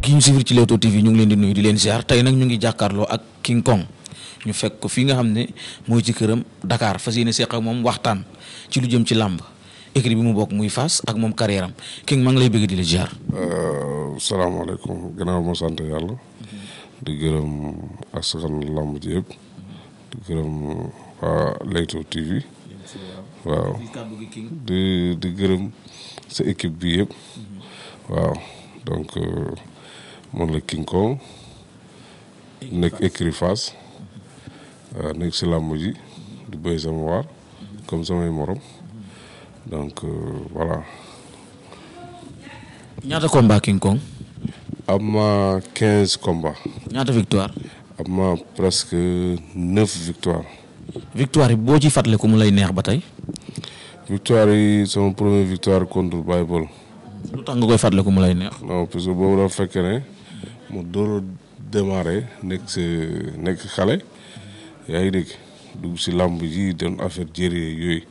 ki ñu suivre ci Leewtoo TV ñu ngi leen di nuyu di leen ziar tey nag ñu ngi jàkkaarloo ak King Kong ñu fekk ko fii nga xam ne mooy ci këram Dakar fas yéene seq ak moom waxtaan ci lu jëm ci làmb écrit bi mu bokk muy Fass ak moom kar am King maa ngi lay bëgg di la ziar. Euh, salaamaaleykum gannaaw ma sant yàlla. di gërëm askan làmb ji yëpp. di gërëm waa Leewtoo TV. waaw di di sa équipe bi yëpp. waaw euh, man la King Kong nekk écrit euh, nekk si làmb ji di béy sama waar comme samay morom donc euh, voilà. ñaata combat King Kong. am na quinze combats. ñaata victoire. am ma presque neuf victoire. victoire yi boo ci fàttali ku mu lay neex ba tey. victoire yi sama première victoire contre Baye Ball. lu tax nga koy fàttali ko mu lay neex. non parce boobu la fekke ne. mu door a nekk sa xale yaa dégg dugg si làmb ji doon affaire jëre yooyu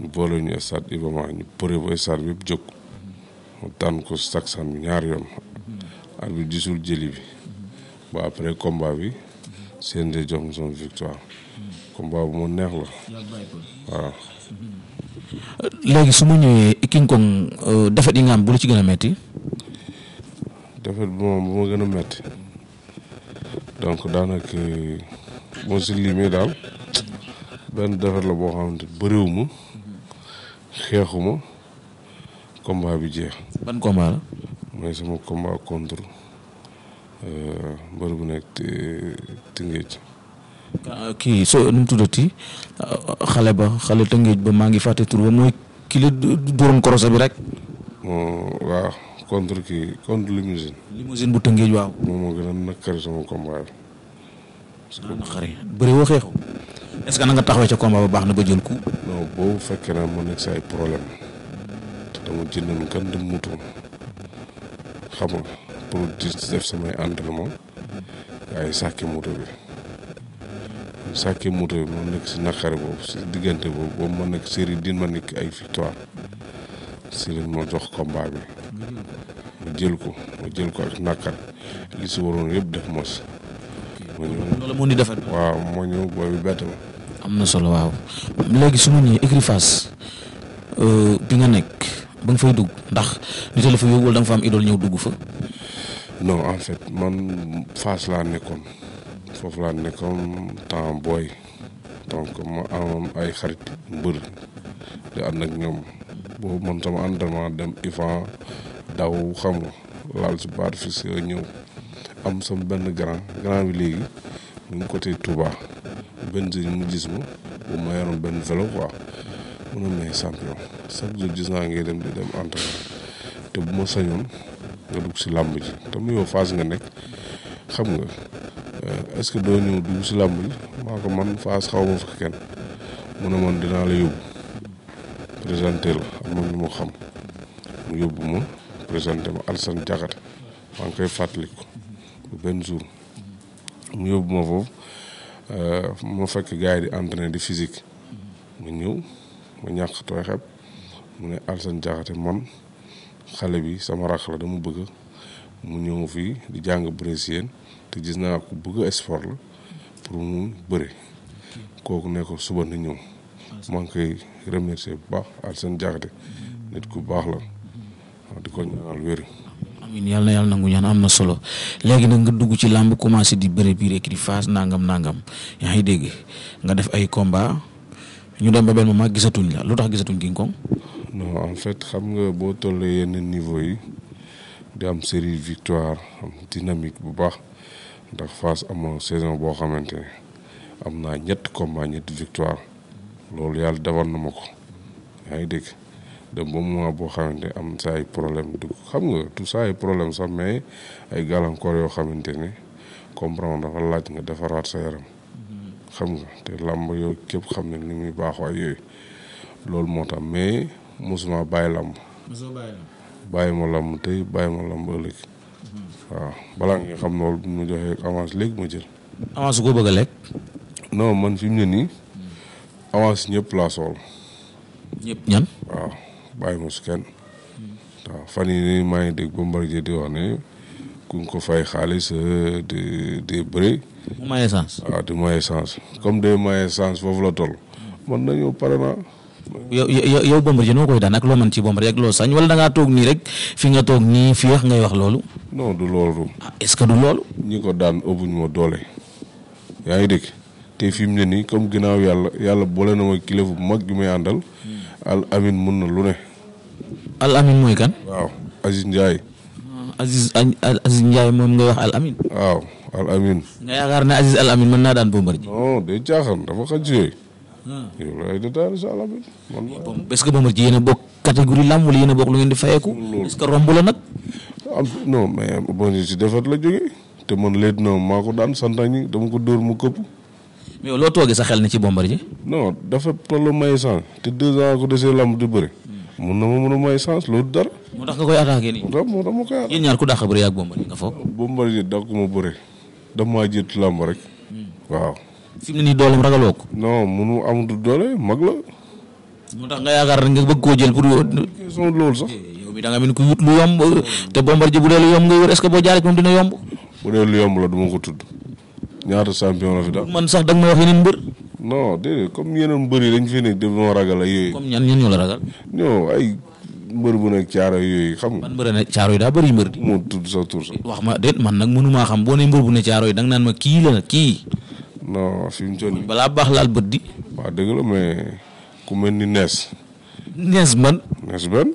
ñu boole ñu stade Iba ñu bëre ba stade bi yëpp jóg mu tànn ko bi ñaari yoon at bi gisul jëli bi ba après combat bi seen de jox mu son victoire combat bu mu neex la waaw léegi su ma ñëwee King Kong euh, defet yi nga ci gën a metti defet bi moom bu ma gën a metti donc daanaka boo si limee daal benn defet la boo xamante bëriwu ma xeexuma combat bi jeex. ban combat la. mooy sama combat contre euh, mbër bu nekk Tëngéej. Ah, kii soo nu mu tuddati ah, xale ba xale Tëngéej ba maa ngi fàtte tur mooy ki la dóoroon korose bi rek. waaw contre kii contre limousine. limousine bu tëngéej waaw. moom moo gën a naqari sama combat bi. parce que ca combat ba baax na ba jël ko. non boobu fekkee naa ma nekk si ay problème te dama jëndoon kan dem moto xam nga pour di def samay entraînement ay sàkki moto bi sàkki moto bi ma nekk si naqari boobu si diggante boobu boobu ma nekk série din ma nekk ay victoire. Serigne moo jox combat bi mu jël ko mu jël ko ak nàkkat li si waroon yëpp def mos. mu ñëw loolu moo ñëw booy bi bett ma. am na solo waaw léegi su ma ñëwee écurie Fass bi euh, nga nekk ba nga fay dugg ndax nit la fa yóbbuwul da nga fa am idole ñëw dugg fa. non en fait man faas laa nekkoon foofu laa nekkoon temps booy donc ma amoon ay xarit mbër di ànd ak ñoom boobu man sama entraînement dem Ivan daw xam nga laal si baat fi sa ñëw am sama benn grand grand bi léegi mu ngi côté Touba benn jour mu gis ma bu ma yoroon benn vélo quoi mu ne may champion chaque jour gis naa ngay dem di dem entraînement te bu ma sañoon nga dugg si làmb ji te mu yow Fass nga nekk xam nga euh, est-ce doo ñëw dugg si làmb ji maa ko man Fass xaw ma fa kenn mu ne man dinaa la yóbbu. présenté la ak mu xam mu yóbbu ma présenté ma Alsan ngi koy fàttaliku benn jour mu yóbbu ma foofu euh, ma fekk gars yi di entraîné di physique ñëw ma ñàkk tooy xeb mu ne Alsan Jaxate man xale bi sama rax la dama bëgg mu ñëw fii di jàng brésilien te gis naa ko bëgg sport la pour mu bëri kooku ne ko suba na ñëw maa ngi koy remercier bu baax Alassane Diakhaté nit ku baax la di ko ñaanal wér. yàlla na yàlla nangu am na solo léegi nag nga dugg ci làmb commencé di bëre biir écurie Fass nangam nangam yaa ngi dégg nga def ay combat ñu dem ba benn moment gisatuñ la lu tax gisatuñ King Kong. non en fait xam nga boo tollee yenn niveau yi di am série victoire am bu baax ndax Fass amoon saison boo xamante ne am naa ñett combat ñetti victoire. loolu yàlla defal na ko ay ngi dégg dem ba moment boo xamante am sa ay problème du xam nga tout ça ay problème sax mais ay gàllankoor yoo xamante ne comprendre dafa laaj nga defaraat sa yaram xam nga te làmb yow képp xam ne ni muy baaxoo ak yooyu loolu moo tax mais mosuma bàyyi làmb bàyyi ma làmb tey bàyyi ma làmb ëllëg waaw balaa nga xam loolu mu joxee avance léegi ma jël avance ko bëgg lekk non man fim mu ne nii avance ñëpp laa soxla. ñëpp ñan. waaw bàyyi fan yii nii di ngi dégg di wax ne ko fay xaalis euh, di di bëri. mu maye sens. waaw di comme de maye sens foofu la toll. mën nañu pare naa. yow yow yow Bombardier noo koy daan ak loo mën ci Bombardier ak loo sañ wala da ngaa toog nii rek fi nga toog nii fii wax ngay wax loolu. non du loolu. ah est-ce du loolu. ñi ko daan ëpp ñu ma doole. yaa ngi te fi mu ne nii comme ginnaaw yàlla yàlla boole na ma kilifa mag bi may hmm. al amin mun na lu ne. al amin mooy kan. waaw Aziz ah, moom ngay wax al amin. nga yaakaar ne Aziz al amin mën naa daan Bombardier. non day caaxaan dafa xaj ah. yooyu. yow lay détaillé sa al amin. man est-ce que Bombardier yéen a bokk catégorie lamb wala yéen bokk lu ngeen di fayeeku. est-ce que romb la nag. non mais bon si defar la jógee te man léegi noonu maa ko daan santañ dama ko dóor mu këpp. mais yow loo toogee sa xel ne ci Bombardier. non dafa toll may sens te deux ans ko desee lamb di bëri. mun na ma mën a may sens loolu dara. moo tax nga koy attaqué nii. moo tax ma koy attaqué. yéen ñaar ku dàq bëri yaa ak Bombardier nga rek. Hmm. waaw. fi mu ne nii dooleem ragaloo ko. non munu am du doole mag la. moo tax nga yaakaar nga bëgg koo jël pour. question loolu sax. Eh, yow mi da nga mel ni ku wut lu yomb te Bombardier bu dee lu yomb nga wër est boo jaaree moom dina yomb. bu dee lu yomb la du ma ko tudd. ñaata champion la fi daal. man sax da nga ma wax yeneen mbër. non déedéet comme yeneen mbër yi dañ fi nekk daf ma ragal yooyu. ñan ñan ñoo la ragal. ay mbër bu nekk caaro yooyu xam nga. man mbër caaro yi daa bëri mbër di. moo tudd sa tur wax ma déet man nag mënumaa xam boo nee mbër bu ne caaro yi da nga naan ma kii la kii. non fi mu toll nii. balaa baax laal bët di. waaw dëgg la mais ku mel ni nees. nees man. nees ban.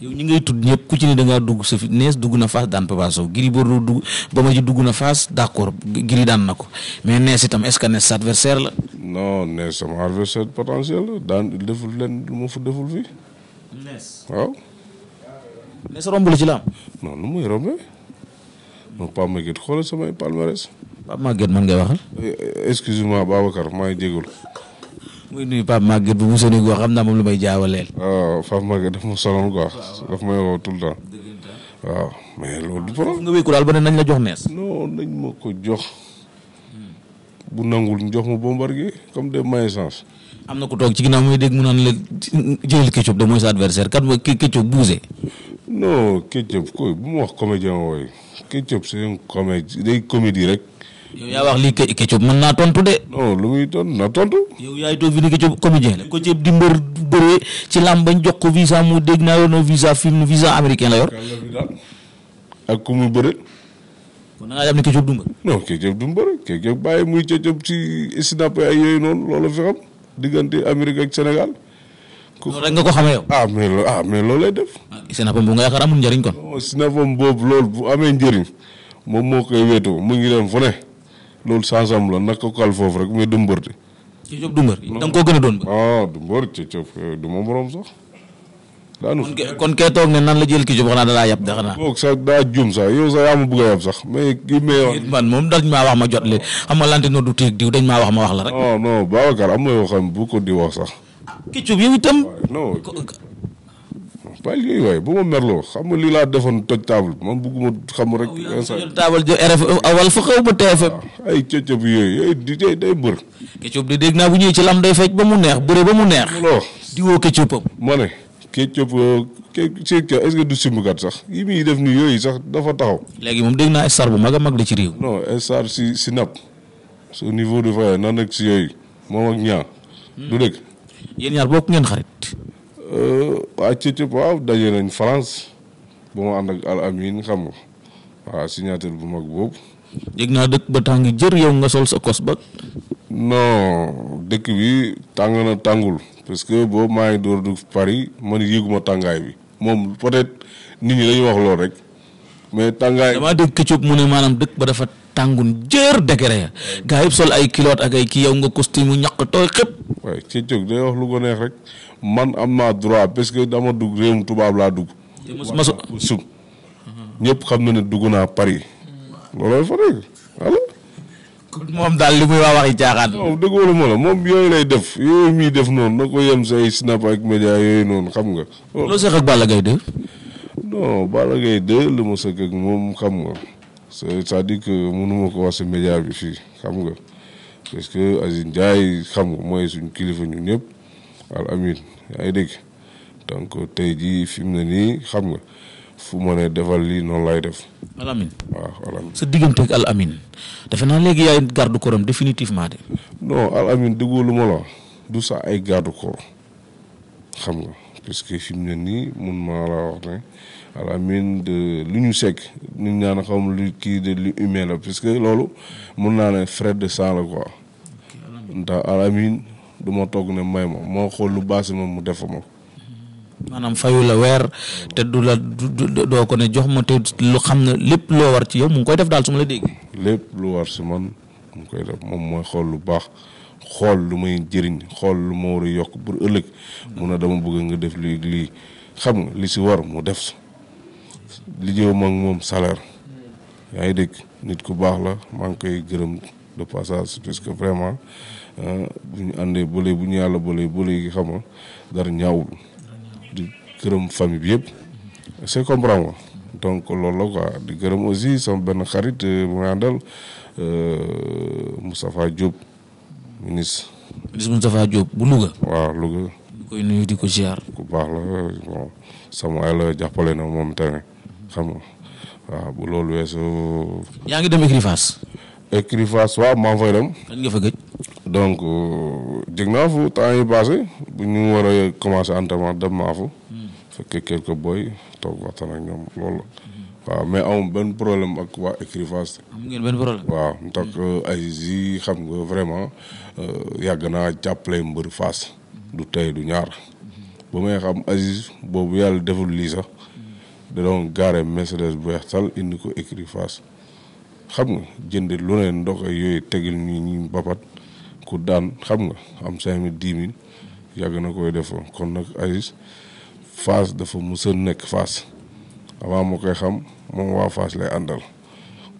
yow ñu ngay tudd ñëpp ku ci ne da dugg sa nees dugg na faas daan Papa Sow Gris Bordeaux dugg ba ma ji dugg na faas d' accord Gris daan na ko mais nees itam est ce que nees sa adversaire la. non nees sama adversaire potentiel la daan leen lu ma fa deful fii. nees waaw. nees romb la ci laam. non nu muy rombee. non Pape Maguette xoolal samay palmarès. Pape Maguette man ngay waxal. Eh, eh, excuse moi Babacar maa ngi jégalu. muy nuyu Pape Maguette bu mu sonné goo xam naa moom lu may jaawaleel. waaw Pape Maguette daf ma sonal quoi. daf may woo tout temps. waaw mais loolu du problème. nga daal ba ne nañ la jox nees. non nañ ma ko jox. bu nangul ñu jox ma bombardier comme des maïsans. am na ku toog ci ginnaaw muy dégg mu naan la jëlal Ketchup da mooy sa adversaire kat mooy Ketchup bousee. non Ketchup koy bu ma wax comédien wooy Ketchup c'est un comédie day comédie rek. yow yaa wax lii Ketchup mën naa tontu de. non lu muy tontu na tontu. yow yaay toog fi ni Ketchup comédien la ko ceeb di bëree ci làmb bañ jox ko visa mu dégg naa yor na visa film visa américain la ak ku muy bëre. kon da ngaa jàpp ne Ketchup muy Ketchup ci snap ay yooyu noonu loolu fi xam diggante Amérique ak Sénégal. loolu rek nga ko xamee yow. ah mais loo ah mais loolu lay def. ah snapam boobu nga yaakaar amul njëriñ kon. non snapam loolu bu amee njëriñ moom moo koy wéetoo mu loolu sansam la naka kal foofu rek muy du mbërte. ci du mbër da nga koo gën a doon mbër. ah du mbër ci Diop du ma sax. kon kee toog ne nan la jël ki Diop xanaa da laa yab de xanaa. boog sax daa juum sax yow sax yaa ma bëgg yab sax moom dañ maa wax ma jot leen xam nga lante noo du teeg diw dañ maa wax ma wax la rek. non ah, non Babacar am na yoo xam bu ko di wax sax. ki Diop yow itam. bàyyi yooyu waaye bu ma xam nga lii laa defoon toj table man bugguma xam rek. Oh, instant table jo awal uh, fa xaw ma TFM. Ah, ay cëccëb yooyu di day day bër. Ketchup di dégg naa bu ñëwee ci lam day fecc ba mu neex bëre ba mu neex. non di woo Ketchupam. ma ne Ketchup euh, Ketchup est du simbukat sax yi muy def nii yooyu sax dafa taxaw. léegi moom dégg naa star bu mag a mag la ci réew. non star si si napp au niveau de Faye na nekk si yooyu moom ak ñaar. Hmm. du dëgg. yéen ñaar bokk ngeen xarit. ah euh, cëccëb waaw daje nañ France ba ma ànd ak al amin xam nga waaw signature bu mag boobu. yëg naa dëkk ba tàng jër yow nga sol sa kos ba. non dëkk bi tàng na tàngul parce que boobu maa ngi door dugg Paris man yëguma tàngaay bi moom peut-être nit ñi dañuy wax lool rek mais tàngaay. maa dégg këccëb mu ne maanaam dëkk ba dafa tàngun jër degré gaa yëpp sol ay kiloot ak ay kii yow nga costume ñaq tooy xëpp. waaye ci jóg day wax lu ko neex rek man am naa droit parce que dama dugg réewum tubaab laa dugg. sum ñëpp xam na ne dugg naa Paris. looloo fa nekk voilà. moom daal li muy wax waxi caaxaan. non moom yooyu def yooyu muy def noonu na ko yem say snap ak média yooyu noonu xam nga. Oh. loo seq ak Balla Gaye 2. non Balla Gaye 2 li ma seq ak moom xam nga c'est-à-dire que mënu ko wax si média bi fii xam nga. parce que Aziz Ndiaye xam nga mooy suñ kilifa ñu ñëpp al amin yaa ngi dégg donc tey jii fi mu ne nii xam nga fu ma ne defal lii noonu lay def. al amin waaw al amin. sa diggante ak al defe naa léegi yaay garde corps am de. non al amin lu ma la du sax ay garde corps. xam nga parce que fi mu ne nii mun maa laa wax ne à de lu ñu sekk ñu naan xaw ma lu kii de lu humain la loolu mun naa ne frais de sang la quoi ndax à la mine du ma toog ne may ma moo xool lu baax si ma mu def ma. maanaam fayu la weer te du la doo ko ne jox ma te lu xam ne lépp loo war ci yow mu ngi koy def daal su la dégg lépp lu war si man mu koy def moom mooy xool lu baax. xool lu may jëriñ xool lu ma war a yokk pour ëllëg mun a dama bëgg nga def lii lii xam nga li si war mu def liggéey ma ak moom salaire yaa ngi nit ku baax la maa ngi koy gërëm de passage parce que vraiment ah, bu ñu àndee bële bu ñu yàlla bële bële gi xam nga dara ñaawul di gërëm famille bi yëpp c'est comprendre donc loolu la quoi di gërëm aussi sama benn xarit bu eh, may àndal eh, Moustapha Diop ministre. ministre Moustapha Diop bu Louga. waaw Louga. ñu koy nuyu di ko ku baax la bon sama ay la jàppale na moom tamit xam nga bu loolu weesu yaa ngi dem écurie Fass. écurie Fass waaw maa ngi fay dem. kañ nga fa gëj. donc euh, jëg naa fu temps yi passé bu ñu war a commencé entraînement dem naa fu. Hmm. fekkee boy toog waxtaan ak ñoom loolu waaw mais amul benn problème ak waa écrivage. am waaw mu tax euh, Aziz yi xam nga vraiment euh, yàgg naa jàppale mbër Fass. du tey du ñaar. ba may xam Aziz boobu yàlla deful lii sax. da doon gaare Mercedes bu weex tal indi ko écrit xam nga jënd lu ne ndox yooyu tegil nii xam nga am cinq mille dix mille yàgg na koy def kon nag Aziz Fass dafa mës a nekk Fass. avant moo koy xam moom waa Fass lay àndal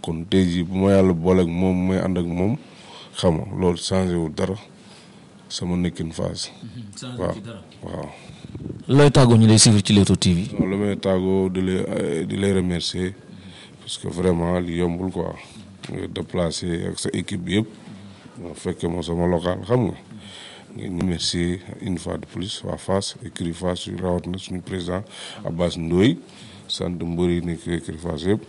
kon tey jii bu ma yàlla booleeg moom may ànd ak moom xam nga loolu changé wul dara sama nekkin Fass. Mhm, waaw waaw. looy ñu lay suivre ci Leewtoo TV. non may tàggoo di lay di lay remercier parce que vraiment li yombul ko nga déplacé ak sa équipe bi yëpp nga fekke ma sama local xam nga. ñu remercier une fois de plus waa Fass écurie Fass na suñu président Abbas Ndoye. sant mbëri ni nekk Kër Fass yëpp